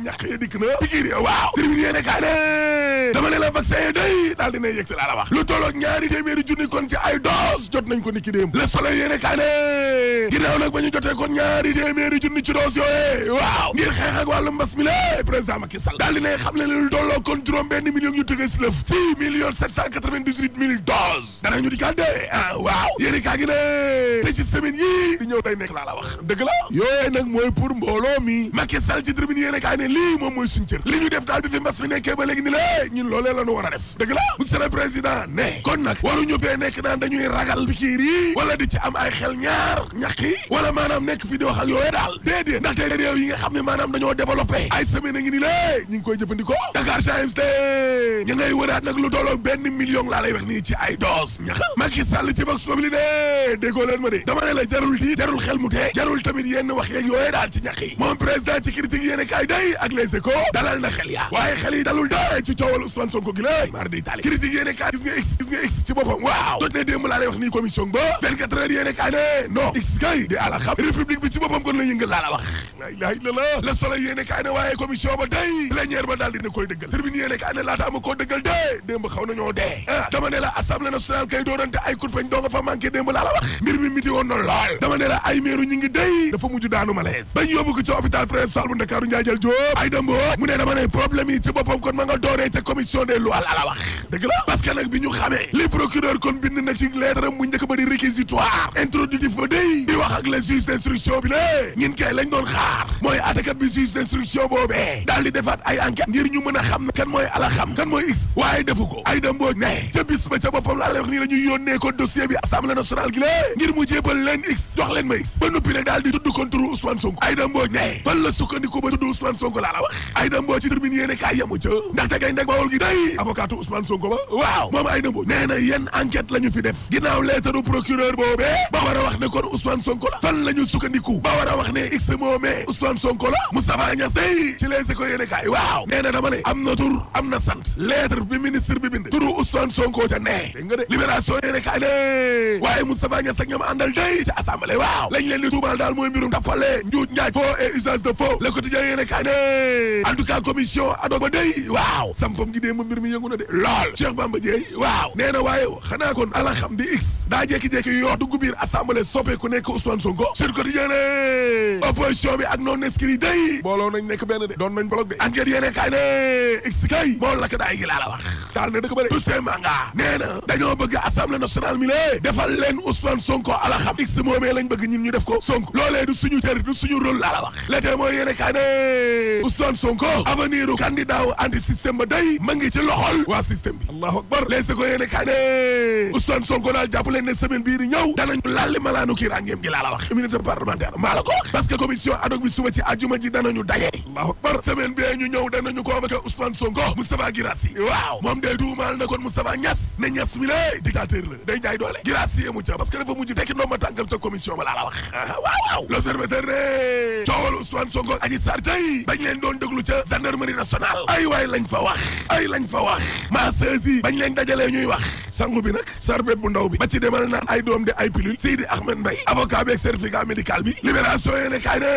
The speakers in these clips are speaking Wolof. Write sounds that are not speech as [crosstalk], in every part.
ñàkk ya dikk na piqûre ya waaw tribune yéene kaa ne la vaccin yi day daal dina yegg si lu tolloog ñaari téeméeri junni kon ci ay dose jot nañ ko ni ki démb le soleil yéene kaa ne ginnaaw nag ba ñu jotee kon ñaari téeméeri junni ci dose yooye waaw ngir xeex ak wàllu mbas mi la président xam ne lu tolloog kon juróom million yu tëgg si lëf six millions sept cent quatre-vingt-dix-huit mille dose danañu di kaan dee ah waaw yéene ne lii moom mooy suñu li ñu def daal bi fi mbas mi nekkee ba léegi ni la eh, ñun loolee la ñu war a def dëgg la monsieur le président ne kon nag waruñu fee nekk naan dañuy ragal pikiir yi wala di ci am ay xel ñaar ñaqi wala maanaam nekk fi di wax ak yooyu daal déedéet ndaxte réew yi nga xam ne maanaam dañoo développé ay semaine a ngi ni la eh, ñu ngi koy jëfandikoo Dakar Times de ñu ngay nag lu tolloog benn million laa lay wax nii ci ay doos ñax la jarul di jarul xel mu tee jarul tamit yenn wax yeeg yooyu daal ci ñaq yi moom président yi ak les échos dalal na xel yaa waaye xel yi dalul de ci coowal Ousmane Sonko gi lé mar di tali critique yéene kaa gis nga x gis nga x ci boppam waaw doj ne démb laa wax nii commission ba 24 la yëngal ba day plénière koy dëggal tribune yéene kaa laata ama koo dëggal dee démb xaw nañoo dee ah dama ne la ay kurpeñ doo nga fa manqué démb laa la wax mbir mi miti woon na lool dama ne la ay meeru ñi Diop ay mu ne dama ne problème yi ci boppam kon ma nga dooree ca commission des lois la la wax dëgg la parce que nag bi ñu xamee li procureur kon bind na ci lettre mu njëkk ba di réquisitoire introductif ba day di wax ak le juge d'instruction bi lé ñin kay doon xaar mooy attakat bi juge d'instruction boobee daal di defaat ay enquête ngir ñu mën a xam kan mooy ala xam kan mooy x waaye defu ko ay dëmboo ne ca bis ca boppam laa lay wax nii la Sonko laa la wax Aïda Mbodj ci tribune yéene kaay yamu ca ndaxte gañ ndeg bawol gi day avocat Ousmane Sonko ba waaw moom Aïda Mbodj nee na yenn enquête la ñu fi def ginnaaw leetaru procureur boobee ba war wax ne kon Ousmane Sonko la fan la ñu sukkandiku ba war a wax ne x moomee Ousmane Sonko la Moustapha Niass day ci les écoles yéene kaay waaw nee na dama ne am na tur am na sant lettre bi ministre bi bind turu Ousmane Sonko ca nee libération yéene kaay ne waaye Moustapha Niass en tout cas commission ad hoc ba day waaw sampam gi dee ma mbir mi yëngu na de lool Cheikh Bamba Dieye waaw nee na waaye xanaa kon ala xam di x daa jékki-jékki yoo dugg biir assemblée soppeeku nekk Ousmane Sonko sur quotidien opposition bi ak noon eskri day booloo nañ nekk benn de doon nañ bloc de enquête yéene kaay ne x kay moo lakk daay gi laa la wax daal na dëkk ba de Toussaint Manga nee na dañoo bëgg assemblée nationale mi lée defal leen Ousmane Sonko ko Sonko Ousmane Sonko avenir u candidat anti système ba day ma ci loxol waa système bi allahu akbar les se ko yéene kaa ne Ousmane Sonko daal jàpp ne semaine bii di ñëw danañu laalli malaanu kii rangeem gi laa bi suba ci àjjuma ji ñu ñëw danañu convoqué Ousmane Sonko Moustapha Guirassy waaw moom de tuumaal na kon Moustapha Niass ne Niass mi la dictateur la day jaay doole Guirassy yemu ca parce que dafa mujj tekki ndomba tànkam ca commission ba laa la wax [laughs] waaw waaw l'observateur bañ leen doon déglu ca gendarmerie nationale ay way lañ fa wax ay lañ fa wax ma saisi bañ leen dajalee ñuy wax sangu bi nak sarbet bu ndaw bi ba ci demal naan ay doom de ay pilule Seydi Ahmed mbay avocat bi certificat médical bi libération yene kay ne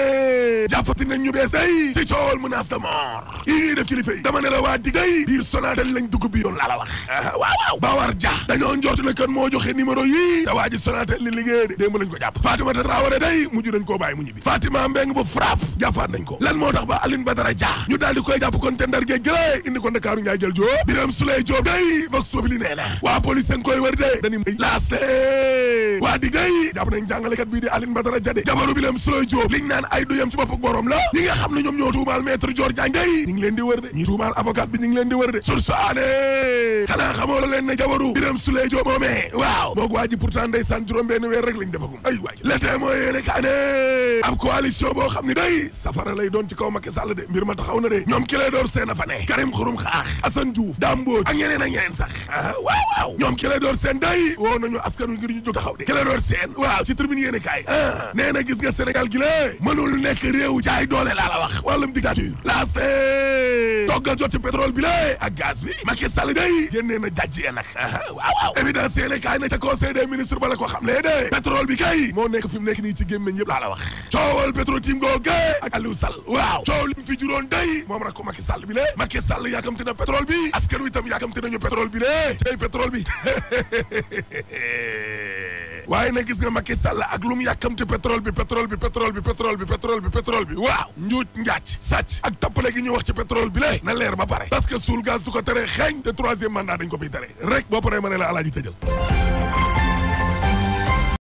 jàppati nañ ñu bees day ci coowal menace de mort yi ñuy def kilifa yi dama ne la waa digay day sonal dañ lañ dugg bi yoon laa la wax waaw waaw Bawar ja dañoo njort na kan moo joxe numéro yi da waa ji sonal li liggéey de démb lañ ko jàpp Fatima Traoré day mujj dañ koo bàyyi mu ñibi Fatima Mbeng bu frappe jàppaat nañ ko lan moo tax ba Alioune Badara Dia ñu daal di koy jàpp kon te ndar géej gëlé indi ko Ndakaaru Njaay jël joo Biram Souleye Diop day vox populi nee na waa police seen koy wër de dañu waa di day jàpp nañ jàngalekat bii di Alioune Badara Dia de jabaru Biram Souleye Diop liñ naan ay duyam ci bopp borom la ñi xam ne ñoom ñoo tuumaal maître Dior Diagne day ñu ngi leen de ñu tuumaal avocat bi ñu ngi leen de source aane xanaa xamoo jabaru Biram Souleye Diop moomee waaw moog waa ji Sall de mbir ma taxaw na de ñoom ki lay door seen a fa ne Karim Xurum Xaax Assane Diouf Dame Mbodj ak ñeneen ak ñeneen sax ah waaw waaw ñoom ki door seen day woo nañu askan wi ngir ñu jóg taxaw de ki lay door seen waaw ci tribune yéen kaay ah gis nga Sénégal gi lée mënul nekk réew jaay doole laa la wax wàllum dictature laast toggal jot ci pétrole bi lée ak gaz bi Macky Sall day génnee na jàjj yee nag ah, waaw waaw évidence yéen kaay ca conseil ko xam lee de pétrole bi kay coow li mu fi juróon day moom rakku Macky Sall bi lée Macky Sall yaakamte na pétrole bi askan wi itam yaakamte nañu pétrole bi lée cey pétrole bi waaye nag gis nga Macky Sall ak lu mu yàkkamti bi pétrole bi pétrole bi pétrole bi waaw njuuj njaaj sàcc ak tappale gi ñuy wax ci pétrole bi lé na leer ba pare parce que suul gaz du ko tere xeeñ te troisième mandat dañ ko fiy rek boo paree ma ne la alaaji